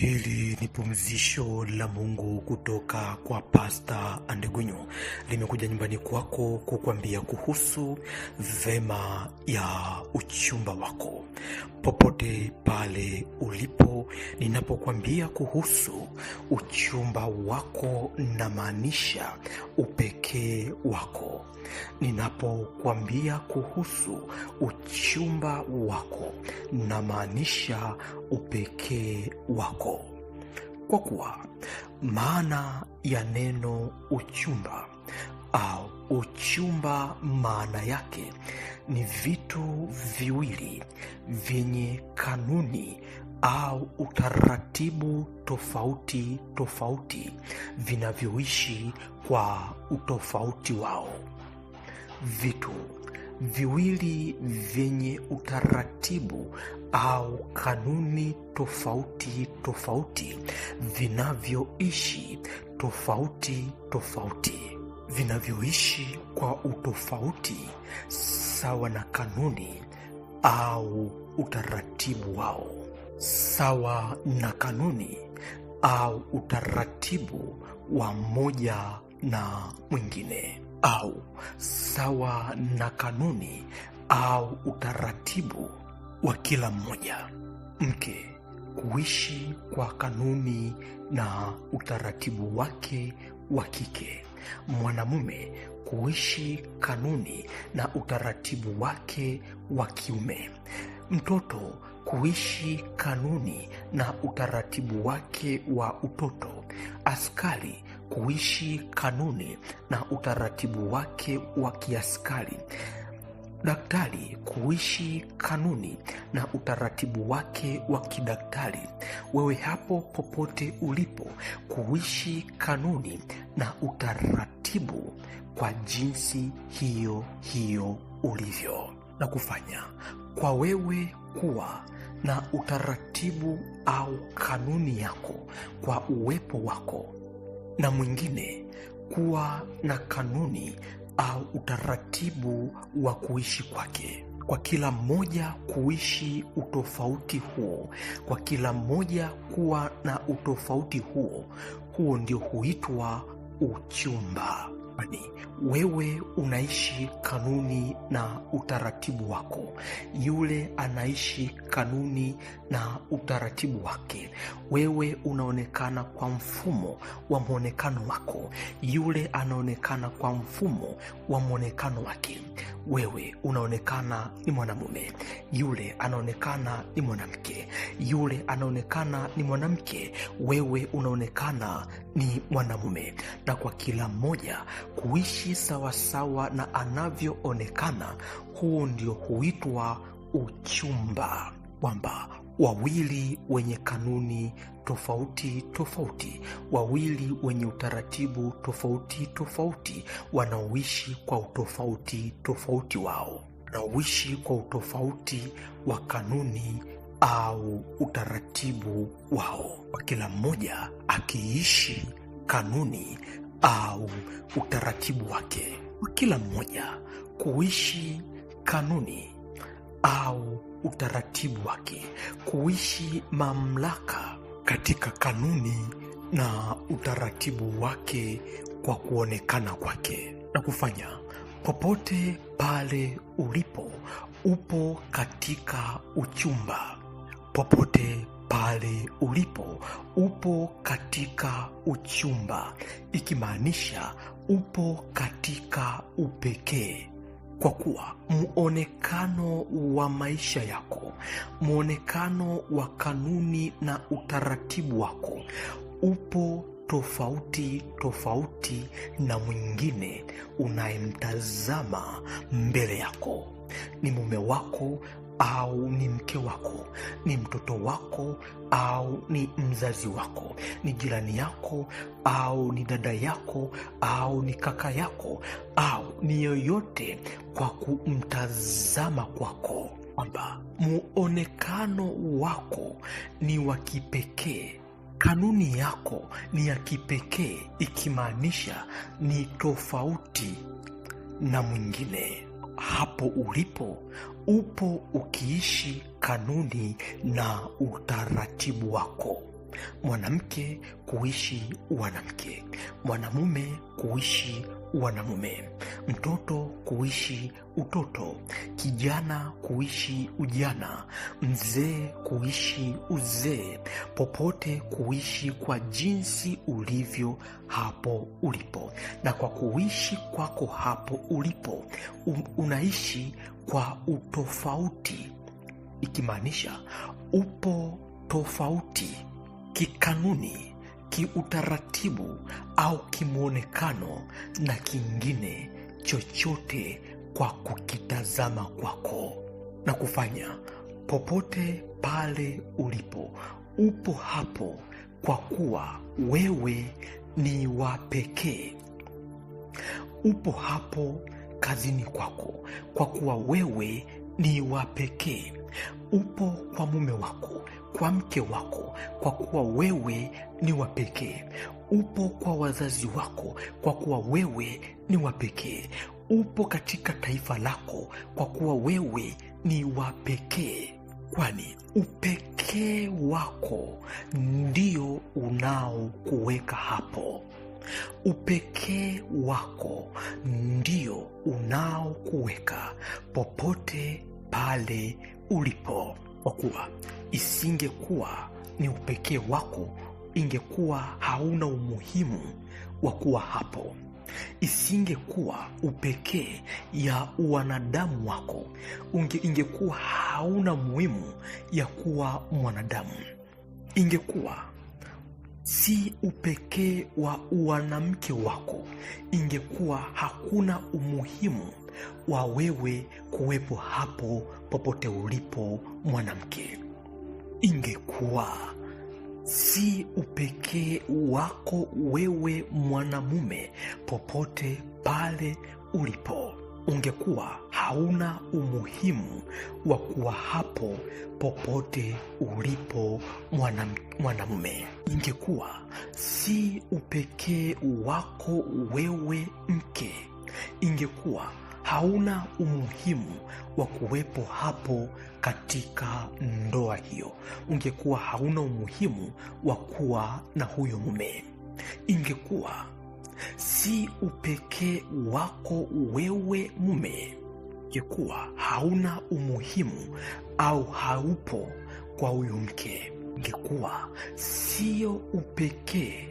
Hili ni pumzisho la Mungu kutoka kwa Pasta andegunyo limekuja nyumbani kwako kukuambia kuhusu vema ya uchumba wako. Popote pale ulipo, ninapokuambia kuhusu uchumba wako, namaanisha upekee wako. Ninapokuambia kuhusu uchumba wako, namaanisha upekee wako kwa kuwa maana ya neno uchumba au uchumba maana yake ni vitu viwili vyenye kanuni au utaratibu tofauti tofauti vinavyoishi kwa utofauti wao. Vitu viwili vyenye utaratibu au kanuni tofauti tofauti vinavyoishi tofauti tofauti vinavyoishi kwa utofauti sawa na kanuni au utaratibu wao sawa na kanuni au utaratibu wa mmoja na mwingine au sawa na kanuni au utaratibu wa kila mmoja. Mke kuishi kwa kanuni na utaratibu wake wa kike, mwanamume kuishi kanuni na utaratibu wake wa kiume, mtoto kuishi kanuni na utaratibu wake wa utoto, askari kuishi kanuni na utaratibu wake wa kiaskari daktari kuishi kanuni na utaratibu wake wa kidaktari. Wewe hapo popote ulipo, kuishi kanuni na utaratibu kwa jinsi hiyo hiyo ulivyo, na kufanya kwa wewe kuwa na utaratibu au kanuni yako kwa uwepo wako na mwingine kuwa na kanuni au utaratibu wa kuishi kwake. Kwa kila mmoja kuishi utofauti huo, kwa kila mmoja kuwa na utofauti huo, huo ndio huitwa uchumba. Company, wewe unaishi kanuni na utaratibu wako, yule anaishi kanuni na utaratibu wake. Wewe unaonekana kwa mfumo wa mwonekano wako, yule anaonekana kwa mfumo wa mwonekano wake. Wewe unaonekana ni mwanamume, yule anaonekana ni mwanamke. Yule anaonekana ni mwanamke, wewe unaonekana ni mwanamume, na kwa kila mmoja kuishi sawasawa na anavyoonekana, huu ndio huitwa uchumba, kwamba wawili wenye kanuni tofauti tofauti, wawili wenye utaratibu tofauti tofauti, wanaoishi kwa utofauti tofauti wao, wanaoishi kwa utofauti wa kanuni au utaratibu wao, kwa kila mmoja akiishi kanuni au utaratibu wake wa kila mmoja kuishi kanuni au utaratibu wake kuishi mamlaka katika kanuni na utaratibu wake kwa kuonekana kwake na kufanya popote pale ulipo upo katika uchumba popote pale ulipo upo katika uchumba, ikimaanisha upo katika upekee kwa kuwa mwonekano wa maisha yako, mwonekano wa kanuni na utaratibu wako upo tofauti tofauti na mwingine unayemtazama mbele yako. Ni mume wako au ni mke wako, ni mtoto wako, au ni mzazi wako, ni jirani yako, au ni dada yako, au ni kaka yako, au ni yoyote, kwa kumtazama kwako kwamba muonekano wako ni wa kipekee, kanuni yako ni ya kipekee, ikimaanisha ni tofauti na mwingine. Hapo ulipo upo ukiishi kanuni na utaratibu wako. Mwanamke kuishi wanamke, mwanamume kuishi wanamume mtoto kuishi utoto, kijana kuishi ujana, mzee kuishi uzee, popote kuishi kwa jinsi ulivyo hapo ulipo. Na kwa kuishi kwako hapo ulipo, unaishi kwa utofauti, ikimaanisha upo tofauti kikanuni, kiutaratibu au kimwonekano na kingine chochote kwa kukitazama kwako na kufanya popote pale ulipo, upo hapo, kwa kuwa wewe ni wa pekee. Upo hapo kazini kwako, kwa kuwa wewe ni wa pekee. Upo kwa mume wako, kwa mke wako, kwa kuwa wewe ni wa pekee. Upo kwa wazazi wako, kwa kuwa wewe ni wa pekee. Upo katika taifa lako, kwa kuwa wewe ni wa pekee, kwani upekee wako ndio unaokuweka hapo. Upekee wako ndio unaokuweka popote pale ulipo kwa kuwa isingekuwa ni upekee wako, ingekuwa hauna umuhimu wa kuwa hapo. Isingekuwa upekee ya uwanadamu wako, ingekuwa hauna muhimu ya kuwa mwanadamu. Ingekuwa si upekee wa uwanamke wako, ingekuwa hakuna umuhimu wa wewe kuwepo hapo popote ulipo mwanamke. Ingekuwa si upekee wako wewe mwanamume, popote pale ulipo, ungekuwa hauna umuhimu wa kuwa hapo popote ulipo mwanamume mwanamume. Ingekuwa si upekee wako wewe mke, ingekuwa hauna umuhimu wa kuwepo hapo katika ndoa hiyo, ungekuwa hauna umuhimu wa kuwa na huyo mume, ingekuwa si upekee wako wewe mume, ingekuwa hauna umuhimu au haupo kwa huyu mke, ingekuwa sio upekee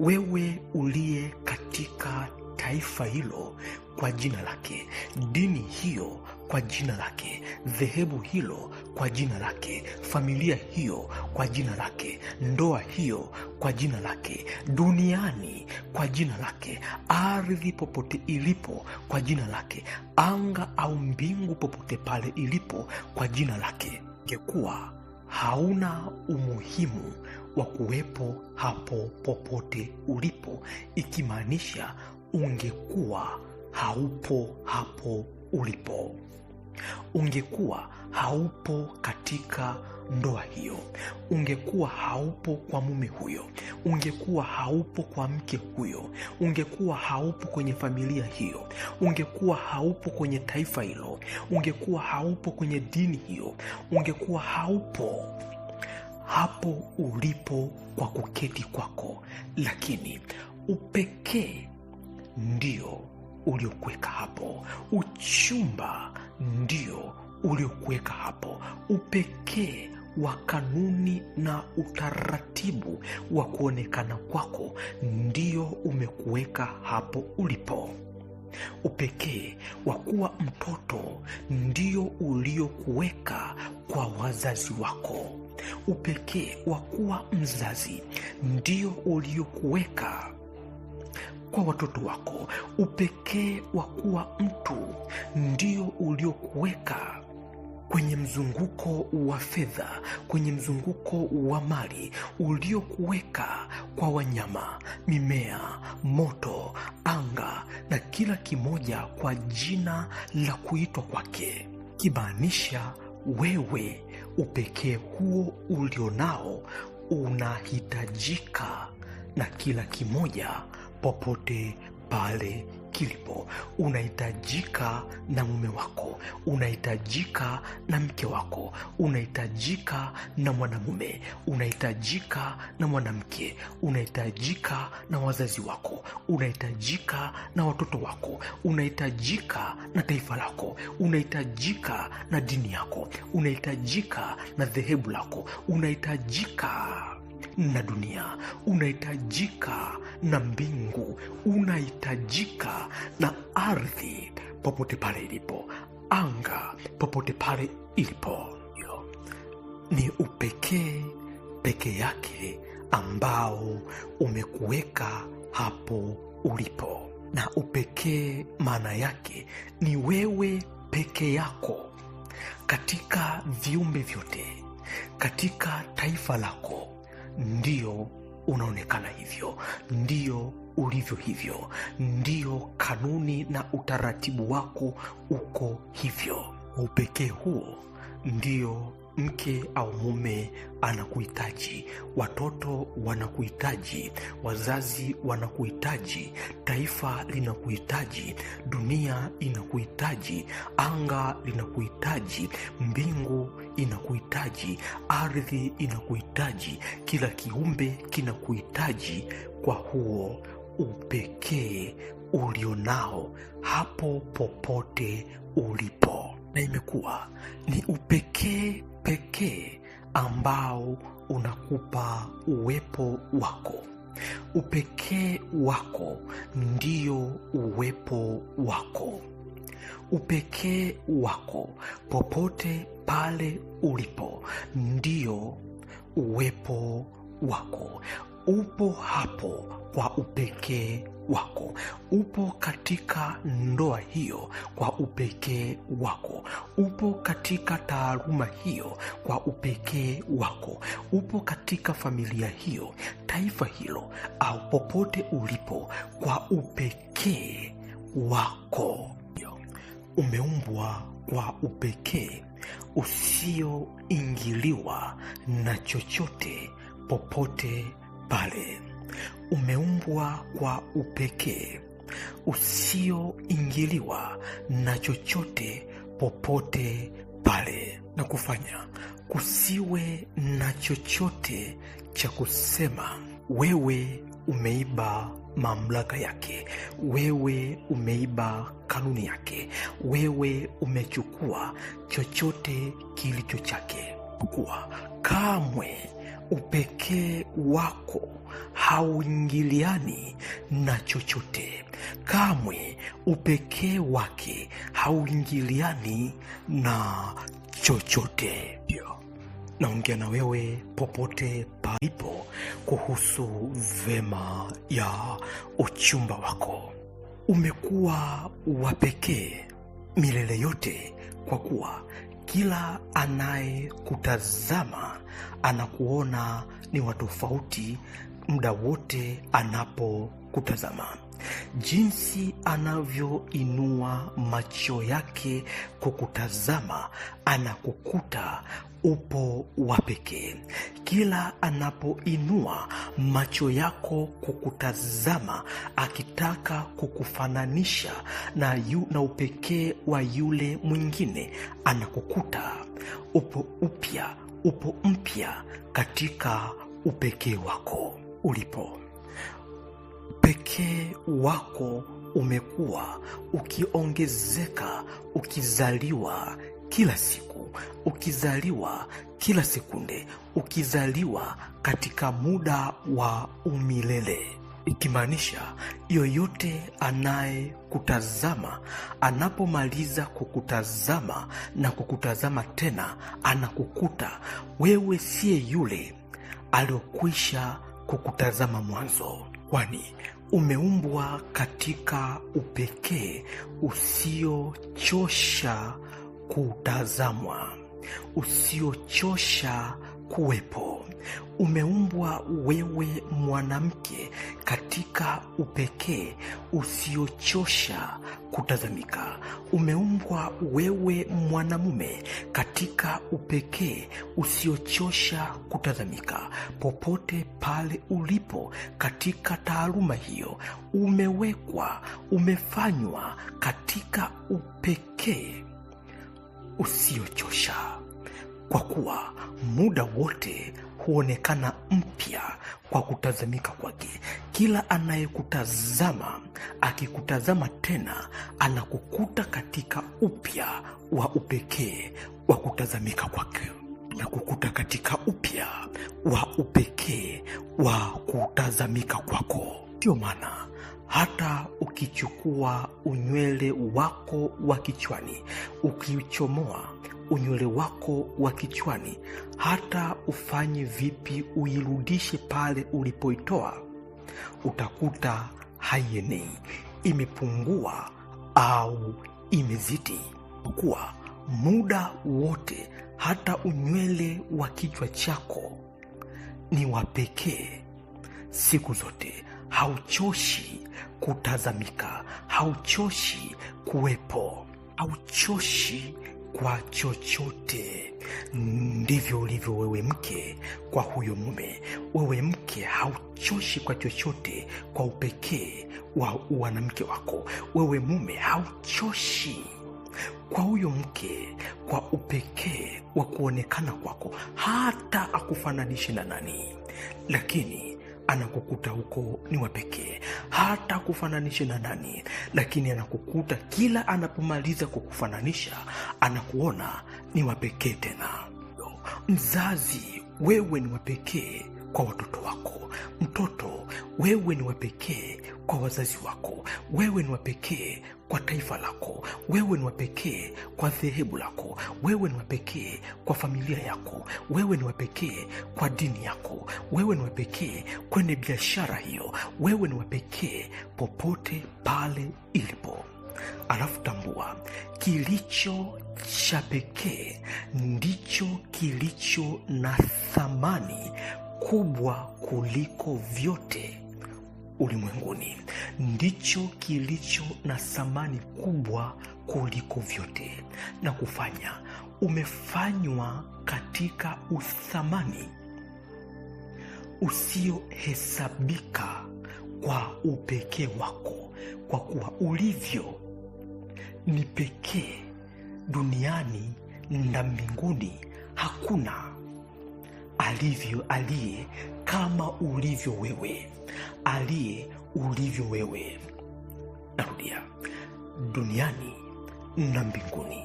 wewe uliye katika taifa hilo kwa jina lake, dini hiyo kwa jina lake, dhehebu hilo kwa jina lake, familia hiyo kwa jina lake, ndoa hiyo kwa jina lake, duniani kwa jina lake, ardhi popote ilipo kwa jina lake, anga au mbingu popote pale ilipo kwa jina lake, ingekuwa hauna umuhimu wa kuwepo hapo popote ulipo, ikimaanisha ungekuwa haupo hapo ulipo, ungekuwa haupo katika ndoa hiyo, ungekuwa haupo kwa mume huyo, ungekuwa haupo kwa mke huyo, ungekuwa haupo kwenye familia hiyo, ungekuwa haupo kwenye taifa hilo, ungekuwa haupo kwenye dini hiyo, ungekuwa haupo hapo ulipo kwa kuketi kwako, lakini upekee ndio uliokuweka hapo, uchumba ndio uliokuweka hapo, upekee wa kanuni na utaratibu wa kuonekana kwako ndio umekuweka hapo ulipo. Upekee wa kuwa mtoto ndio uliokuweka kwa wazazi wako. Upekee wa kuwa mzazi ndio uliokuweka kwa watoto wako. Upekee wa kuwa mtu ndio uliokuweka kwenye mzunguko wa fedha, kwenye mzunguko wa mali uliokuweka kwa wanyama, mimea, moto, anga na kila kimoja kwa jina la kuitwa kwake, kimaanisha wewe upekee huo ulionao unahitajika na kila kimoja popote pale kilipo. Unahitajika na mume wako, unahitajika na mke wako, unahitajika na mwanamume, unahitajika na mwanamke, unahitajika na wazazi wako, unahitajika na watoto wako, unahitajika na taifa lako, unahitajika na dini yako, unahitajika na dhehebu lako, unahitajika na dunia, unahitajika na mbingu, unahitajika na ardhi popote pale ilipo, anga popote pale ilipo. Ni upekee pekee yake ambao umekuweka hapo ulipo, na upekee maana yake ni wewe peke yako katika viumbe vyote, katika taifa lako ndio unaonekana hivyo, ndio ulivyo hivyo, ndio kanuni na utaratibu wako uko hivyo. Upekee huo ndio mke au mume anakuhitaji, watoto wanakuhitaji, wazazi wanakuhitaji, taifa linakuhitaji, dunia inakuhitaji, anga linakuhitaji, mbingu inakuhitaji, ardhi inakuhitaji, kila kiumbe kinakuhitaji kwa huo upekee ulionao hapo popote ulipo na imekuwa ni upekee upekee ambao unakupa uwepo wako. Upekee wako ndio uwepo wako. Upekee wako popote pale ulipo ndio uwepo wako upo hapo kwa upekee wako, upo katika ndoa hiyo kwa upekee wako, upo katika taaluma hiyo kwa upekee wako, upo katika familia hiyo, taifa hilo, au popote ulipo kwa upekee wako. Umeumbwa kwa upekee usioingiliwa na chochote popote pale. Umeumbwa kwa upekee usioingiliwa na chochote popote pale, na kufanya kusiwe na chochote cha kusema wewe umeiba mamlaka yake, wewe umeiba kanuni yake, wewe umechukua chochote kilicho chake, kuwa kamwe upekee wako hauingiliani na chochote kamwe. Upekee wake hauingiliani na chochote. naongea na wewe popote palipo kuhusu vema ya uchumba wako. Umekuwa wa pekee milele yote kwa kuwa kila anayekutazama anakuona ni wa tofauti muda wote anapokutazama. Jinsi anavyoinua macho yake kukutazama, anakukuta upo wa pekee. Kila anapoinua macho yako kukutazama, akitaka kukufananisha na, yu, na upekee wa yule mwingine, anakukuta upo upya, upo mpya katika upekee wako ulipo. Upekee wako umekuwa ukiongezeka, ukizaliwa kila siku ukizaliwa kila sekunde, ukizaliwa katika muda wa umilele, ikimaanisha yoyote anayekutazama anapomaliza kukutazama na kukutazama tena, anakukuta wewe siye yule aliokwisha kukutazama mwanzo, kwani umeumbwa katika upekee usiochosha kutazamwa, usiochosha kuwepo. Umeumbwa wewe mwanamke katika upekee usiochosha kutazamika. Umeumbwa wewe mwanamume katika upekee usiochosha kutazamika. Popote pale ulipo katika taaluma hiyo, umewekwa, umefanywa katika upekee usiochosha, kwa kuwa muda wote huonekana mpya kwa kutazamika kwake. Kila anayekutazama akikutazama tena anakukuta katika upya wa upekee wa kutazamika kwake na kukuta katika upya wa upekee wa kutazamika kwako. ndio maana hata ukichukua unywele wako wa kichwani, ukichomoa unywele wako wa kichwani, hata ufanye vipi uirudishe pale ulipoitoa, utakuta haienei, imepungua au imezidi, kuwa muda wote hata unywele wa kichwa chako ni wa pekee siku zote hauchoshi kutazamika, hauchoshi kuwepo, hauchoshi kwa chochote. Ndivyo ulivyo wewe mke kwa huyo mume. Wewe mke hauchoshi kwa chochote kwa upekee wa wanamke wako. Wewe mume hauchoshi kwa huyo mke kwa upekee wa kuonekana kwako, hata akufananishi na nani, lakini anakukuta huko ni wa pekee, hata kufananisha na nani, lakini anakukuta kila anapomaliza kukufananisha anakuona ni wa pekee tena. Mzazi, wewe ni wa pekee kwa watoto wako. Mtoto, wewe ni wa pekee kwa wazazi wako, wewe ni wa pekee kwa taifa lako, wewe ni wa pekee kwa dhehebu lako, wewe ni wa pekee kwa familia yako, wewe ni wa pekee kwa dini yako, wewe ni wa pekee kwenye biashara hiyo, wewe ni wa pekee popote pale ilipo. Alafu tambua kilicho cha pekee ndicho kilicho na thamani kubwa kuliko vyote ulimwenguni, ndicho kilicho na thamani kubwa kuliko vyote na kufanya umefanywa katika uthamani usiohesabika kwa upekee wako, kwa kuwa ulivyo ni pekee duniani na mbinguni, hakuna alivyo aliye kama ulivyo wewe, aliye ulivyo wewe. Narudia, duniani na mbinguni,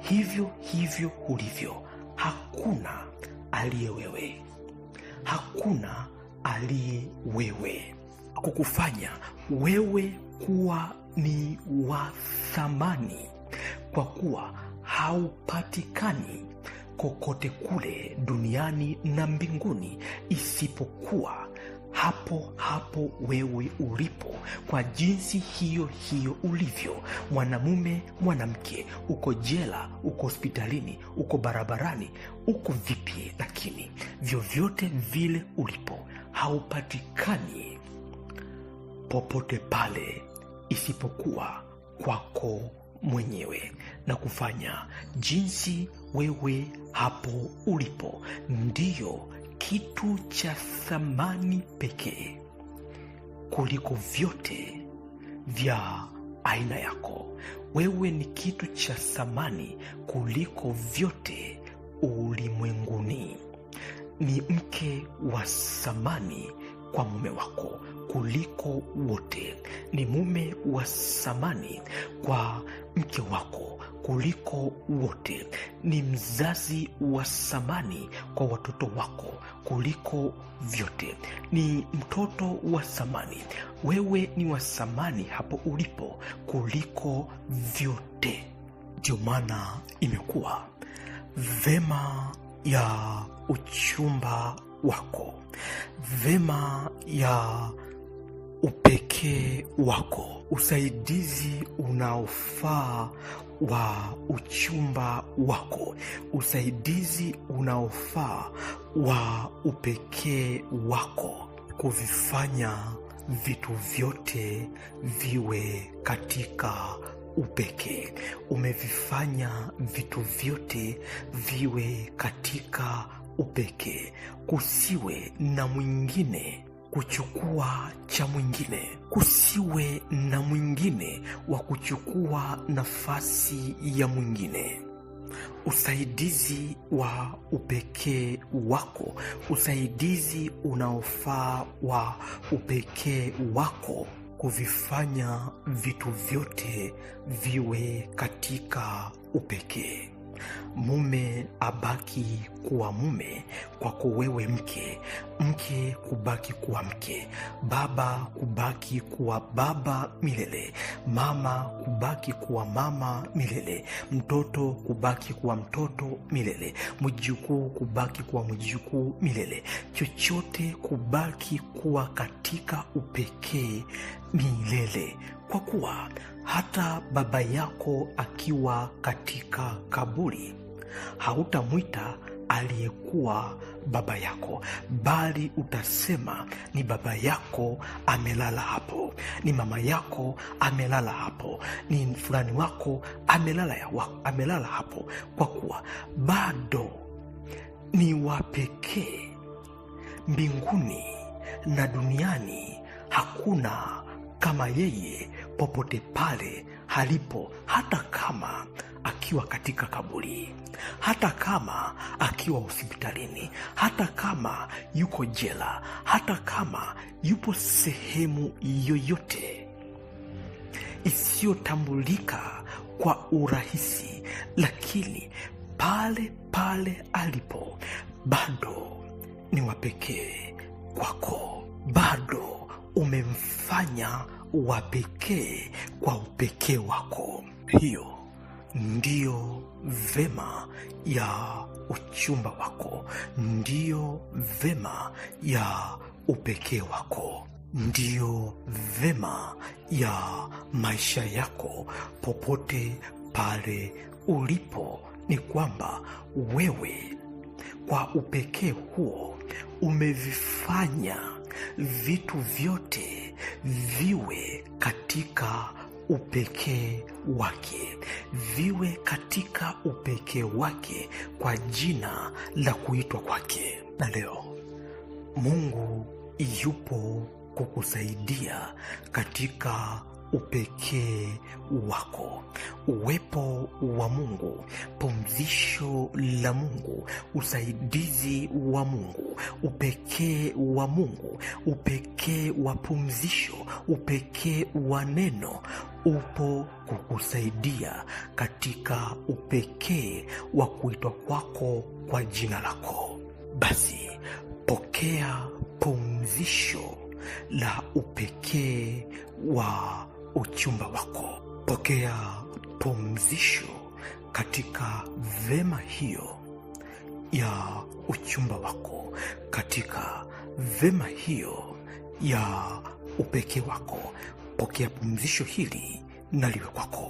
hivyo hivyo ulivyo. Hakuna aliye wewe, hakuna aliye wewe. Kukufanya wewe kuwa ni wa thamani, kwa kuwa haupatikani kokote kule duniani na mbinguni isipokuwa hapo hapo wewe ulipo, kwa jinsi hiyo hiyo ulivyo. Mwanamume, mwanamke, uko jela, uko hospitalini, uko barabarani, uko vipi, lakini vyovyote vile ulipo, haupatikani popote pale isipokuwa kwako mwenyewe na kufanya jinsi wewe hapo ulipo ndiyo kitu cha thamani pekee kuliko vyote vya aina yako. Wewe ni kitu cha thamani kuliko vyote ulimwenguni. Ni mke wa thamani kwa mume wako kuliko wote. Ni mume wa thamani kwa mke wako kuliko wote, ni mzazi wa samani kwa watoto wako kuliko vyote, ni mtoto wa samani Wewe ni wa samani hapo ulipo kuliko vyote. Ndio maana imekuwa vema ya uchumba wako, vema ya upekee wako, usaidizi unaofaa wa uchumba wako, usaidizi unaofaa wa upekee wako, kuvifanya vitu vyote viwe katika upekee. Umevifanya vitu vyote viwe katika upekee, kusiwe na mwingine kuchukua cha mwingine. Kusiwe na mwingine wa kuchukua nafasi ya mwingine. Usaidizi wa upekee wako, usaidizi unaofaa wa upekee wako kuvifanya vitu vyote viwe katika upekee. Mume abaki kuwa mume kwako wewe mke, mke kubaki kuwa mke, baba kubaki kuwa baba milele, mama kubaki kuwa mama milele, mtoto kubaki kuwa mtoto milele, mjukuu kubaki kuwa mjukuu milele, chochote kubaki kuwa katika upekee milele, kwa kuwa hata baba yako akiwa katika kaburi hautamwita aliyekuwa baba yako, bali utasema ni baba yako amelala hapo, ni mama yako amelala hapo, ni fulani wako amelala, ya wa, amelala hapo, kwa kuwa bado ni wapekee mbinguni na duniani, hakuna kama yeye popote pale halipo, hata kama akiwa katika kaburi, hata kama akiwa hospitalini, hata kama yuko jela, hata kama yupo sehemu yoyote isiyotambulika kwa urahisi, lakini pale pale alipo bado ni wapekee kwako, bado umemfanya wapekee kwa upekee wako. Hiyo ndiyo vema ya uchumba wako, ndiyo vema ya upekee wako, ndiyo vema ya maisha yako. Popote pale ulipo, ni kwamba wewe kwa upekee huo umevifanya vitu vyote viwe katika upekee wake, viwe katika upekee wake kwa jina la kuitwa kwake. Na leo Mungu yupo kukusaidia katika upekee wako, uwepo wa Mungu, pumzisho la Mungu, usaidizi wa Mungu, upekee wa Mungu, upekee wa pumzisho, upekee wa neno upo kukusaidia katika upekee wa kuitwa kwako kwa jina lako. Basi pokea pumzisho la upekee wa uchumba wako. Pokea pumzisho katika vema hiyo ya uchumba wako, katika vema hiyo ya upekee wako. Pokea pumzisho hili na liwe kwako.